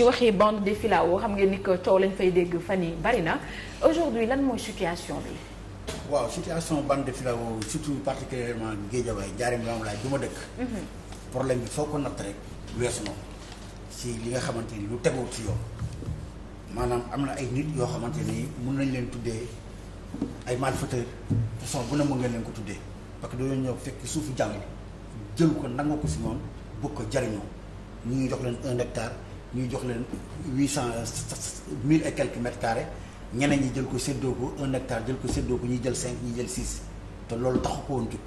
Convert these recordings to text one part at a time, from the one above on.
ñu waxee bande de filao xam ngeen ni que coow lañ fay dégg fan yi bari na aujourd'hui lan mooy situation bi. waaw situation bande de filao surtout particulièrement Guédiawaye Ndiarème Limamoulaye du ma dëkk. Mhm. problème bi foo ko natt rek weesu na si li nga xamante ni lu tegul ci yoon maanaam am na ay nit yoo xamante ni mun nañ leen tuddee ay malfaiteurs façon bu ne mën nga leen ko tuddee parce que dañoo ñëw fekk suufu jàng jël ko nangu ko si moom bëgg ko jariñoo ñu ngi jox leen un ñuy jox leen huit cent mille et quelques mètres carrés ñeneen ñi jël ko séddoo ko un hectare jël ko seddoo ko ñi jël cinq ñi jël six te loolu tax ko woon jug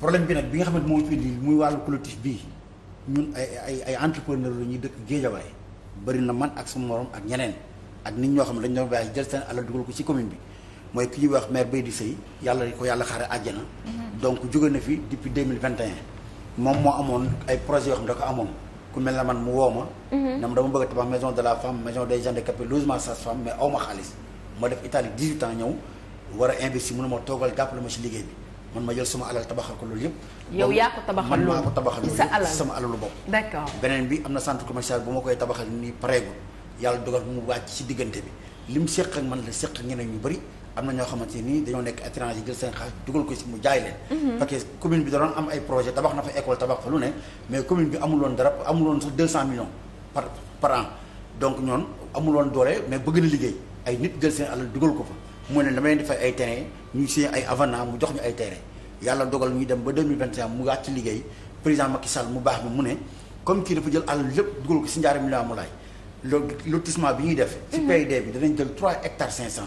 problème bi nag bi nga xam ne moo ci indi muy wàllu collectif bi ñun ay ay ay entrepreneur la ñuy dëkk géejawaay bëri na man ak sama morom ak ñeneen ak nit ñoo xam ne dañ doon bàyyi jël seen alal dugal ko ci commune bi mooy ki ñuy wax maire di Sey yàlla ko yàlla xaare na mhm. donc jóge na fi depuis deux mille vingt et moom moo amoon ay projets yoo xam ne da ku mel na man mu woo ma. ñoom mhm. dama bëgg a tabax maison de la femme maison des handicapés logement sage-femme mais aw ma xaalis ma def Italie 18 ans ñëw war a investir mun ma toogal jàppale ma ci liggéey bi man ma jël sama alal tabaxal ko loolu yëpp. yow yaa ko tabaxal loolu man maa ko tabaxal loolu sama alalu bopp. beneen bi am na centre commercial bu ma koy tabaxal nii pareegul yàlla dogal mu wàcc ci diggante bi lim seq ak man la seq ñeneen ñu bëri am na ñoo xamante nii dañoo nekk étranger jël seen xaalis dugal ko si mu jaay leen mhm. parce que commune bi danoon am ay projet tabax na fa école tabax fa lu ne mais commune bi amuloon dara amuloon sax deux cent millions par amuloon doole mais bëgg na liggéey ay nit jël seen alal dugal ko mu ne dama leen di fay ay terrain ñuy signé ay avenant mu jox ay terrain yàlla dogal ñuy dem ba 2021 mu wàcc ci liggéey président Macky Sall mu baax mi ne comme kii dafa jël alal lépp dugal ko si njaari million mu laay lotissement bi ñuy def si mhm. PID bi danañ jël 3 hectares 500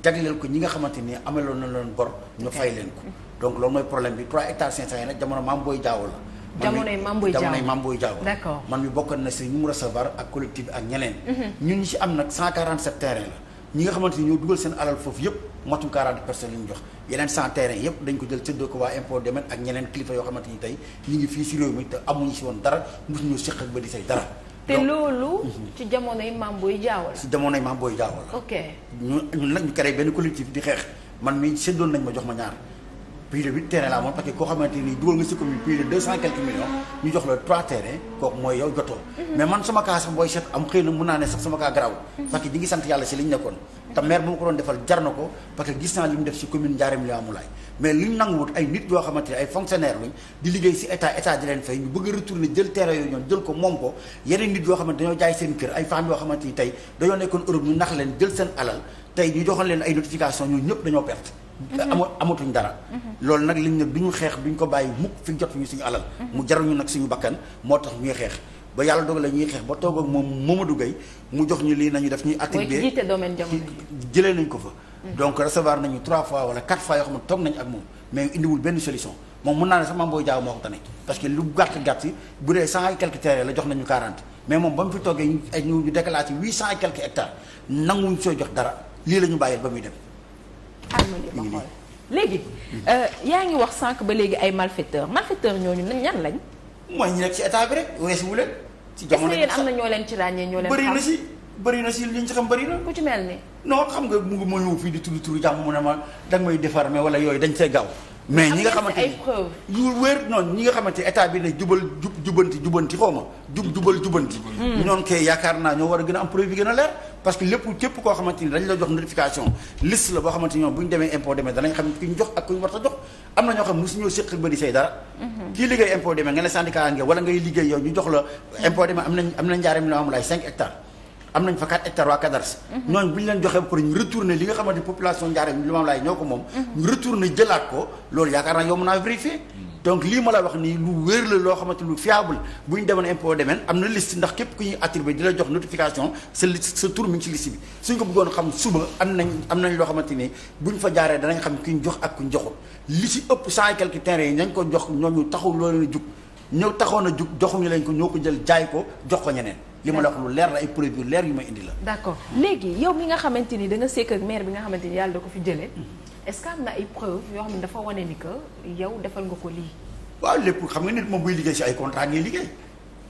jagleel ko ñi nga xamante ni amaloon na leen bor ñu fay leen ko donc loolu mooy problème bi 3 hectares 500 yi nag jamono maam booy jaaw la jamonoy maam booy jaaw jamonoy maam booy jaaw d'accord man mi bokkoon na si ñu mu recevoir ak collectif ak ñeneen mhm. ñun ñi si am nag 147 terrain la ñi nga xamante ni ñoo dugal seen alal foofu yëpp matul 40 personnes yi ñu jox yeneen 100 terrain yëpp dañ ko jël séddoo ko waa impôt domaine ak ñeneen kilifa yoo xamante ni tey ñu ngi fii si réew mi te amuñu woon dara mosuñu séq ak ba di te loolu. Mhm. ci jamonoy maam booy jaaw si jamonoy maam booy jaaw la. ok ñu ñun nag ñu créé benn collectif di xeex man mii seddoon nañ ma jox ma ñaar. plus de huit terrain la amoon parce que koo xamante ni dugal nga si commune plus de deux cent quelques millions ñu jox la trois terrain kooku mooy yow jotoo mhm. mais man sama cas sax booy seet am xëy na mun naa ne sax sama cas garaaw mhm. parce que di def si commune Ndiarème Limamoulaye mais li ñu nanguwut ay nit yoo xamante ay fonctionnaire luñ di liggéey si état état di leen fay ñu bëgg a retourner jël terrain yooyu ñoom jël ko moom ko yeneen nit yoo xamante dañoo tey ñu joxoon leen ay notification ñun ñëpp dañoo perte. Mhm. amatuñ dara. Mhm. loolu nag liñ ne ñu xeex duñ ko bàyyi mukk fi ñu suñu alal. Mhm. mu jaruñu nag suñu bakkan moo tax ñuy xeex. ba yàlla dogal la ñuy xeex ba toog ak moom Mamadou Gueye mu jox ñu lii nañu def ñuy activité mooy jiite jëlee nañ ko fa. donc recevoir nañu trois fois wala quatre fois yoo xam ne toog nañ ak moom mais indiwul benn solution moom mun naa ne sama mbooy jaaw moo ko tane parce que lu gàtt gàtt si bu dee la jox nañu quarante mais moom ba mu fi toogee ñu ñu déclaré ci huit cent et quelques hectares nanguwuñ soo jox dara. lii la ñu bàyyil ba muy dem. ñu ngi léegi. Euh, yaa ngi wax sànq ba léegi ay malfaiteurs malfaiteurs ñooñu ñan lañ. mooy ñu nekk ci état bi rek weesu wu leen. ci jamono yéen am na ñoo leen ci ràññee ñoo leen bëri na si bëri na si liñ ci xam bëri na. ku ci mel ni. non xam nga mu ngi ma ñëw fii di tudd turu jàmm mu ne ma danga may déformé wala yooyu dañ see gaaw mais ñi nga xamante ay preuve yu noonu ñi nga xamante état bi ne jubal jub jubanti jubanti xaw ma jub jubal jubanti hmm. ñoon kay yaakaar naa ñoo war a gën a am preuve gën a leer parce que lépp képp koo xamante ni dañ la jox notification liste la boo xamante ñoom bu ñu demee impôt demee danañ xam ki ñu jox ak ku war ta jox am na ñoo xam mosuñoo séq bëri say dara hmm. kii liggéey impôt demee nga ne syndicat nga wala ngay liggéey yow ñu jox la impôt demee am nañ am nañ cinq hectares am nañ fa 4 hectares waa Cadastre. Mhm. ñooñu bu ñu leen joxee ba ñu retourner li nga xamante population Ndiarème Limamoulaye ñoo ko moom. Mhm. ñu retourner jëlaat ko loolu yaakaar naa yomb naa vérifier. Mhm. donc lii ma la wax nii lu wér la loo xamante lu fiable bu ñu demoon impôt demeen am na list ndax képp ku ñuy attribué di la jox notification sa liste sa tur mi ngi ci liste bi suñ ko bëggoon xam suba am nañ am nañ loo xamante ni buñ fa jaaree danañ xam ku ñu jox ak ku ñu li ci ëpp cent et quelques yi nañ ko jox ñooñu taxul loolu la jug ñëw taxoon a jug joxuñu lañ ko ñoo jël jaay ko jox ko ñeneen li ma la wax lu leer la ay preuve yu leer yu may indi la. d'accord léegi yow mi nga xamante ni da nga sekk ak maire bi nga xamante ni yàlla da ko fi jëlee. est-ce que am na ay preuve xam ne dafa wane ni que yow defal nga ko lii. waaw lépp xam nga nit moom buy liggéey si ay contrat ngay liggéey.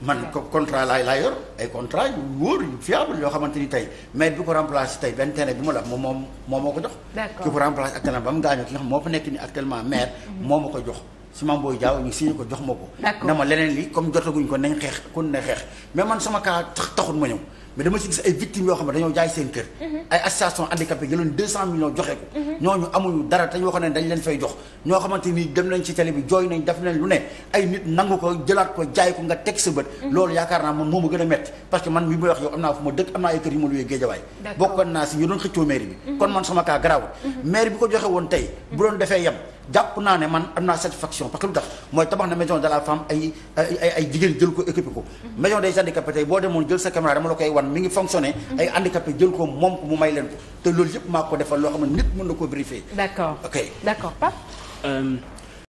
man contrat laay laa yor ay contrat yu wóor yu fiable yoo xamante ni tey maire bi ko remplacé tey benn terrain bi ma la moom moom moo ko jox. d'accord ki ko remplacé actuellement mu gaañoo ki nga xam moo fa nekk ni actuellement maire. Mhm. moo ma ko jox. si Mame Boye Diao ñu signé ko jox ma ko na ma leneen li comme jotaguñ ko nañ xeex kon na xeex mais man sama cas taxul ma ñëw mais dama gis ay yoo xam ne dañoo jaay seen kër mhm. ay association handicapé jëloon deux cent millions joxe ko mhm. ñooñu amuñu dara te ñoo xam leen fay jox ñoo xamante ni dem nañ ci télé bi jooy nañ def nañ lu ne ay nit nangu ko jëlaat ko jaay ko nga teg sa bët mhm. loolu yaakaar naa man moo ma gën a metti parce que man mi may wax yow am naa fu ma dëkk am naa ay kër yu ma luyee Géejawaay bokkoon naa si ñu doon xëccoo mairie bi kon man sama cas garaawul maire ko joxe woon tey bu doon defee yem jàpp naa ne man am naa satisfaction parce que lu tax mooy tabax na maison de la femme ay ay ay jigéen jël ko équipé ko. Mhm. maison des handicapés tey boo demoon jël sa caméra dama la koy wan mi ngi fonctionné. Mhm. ay handicapé jël ko moom ko mu may leen ko te loolu yëpp maa ko defal loo xam ne nit mën na ko vérifier. d'accord ok d'accord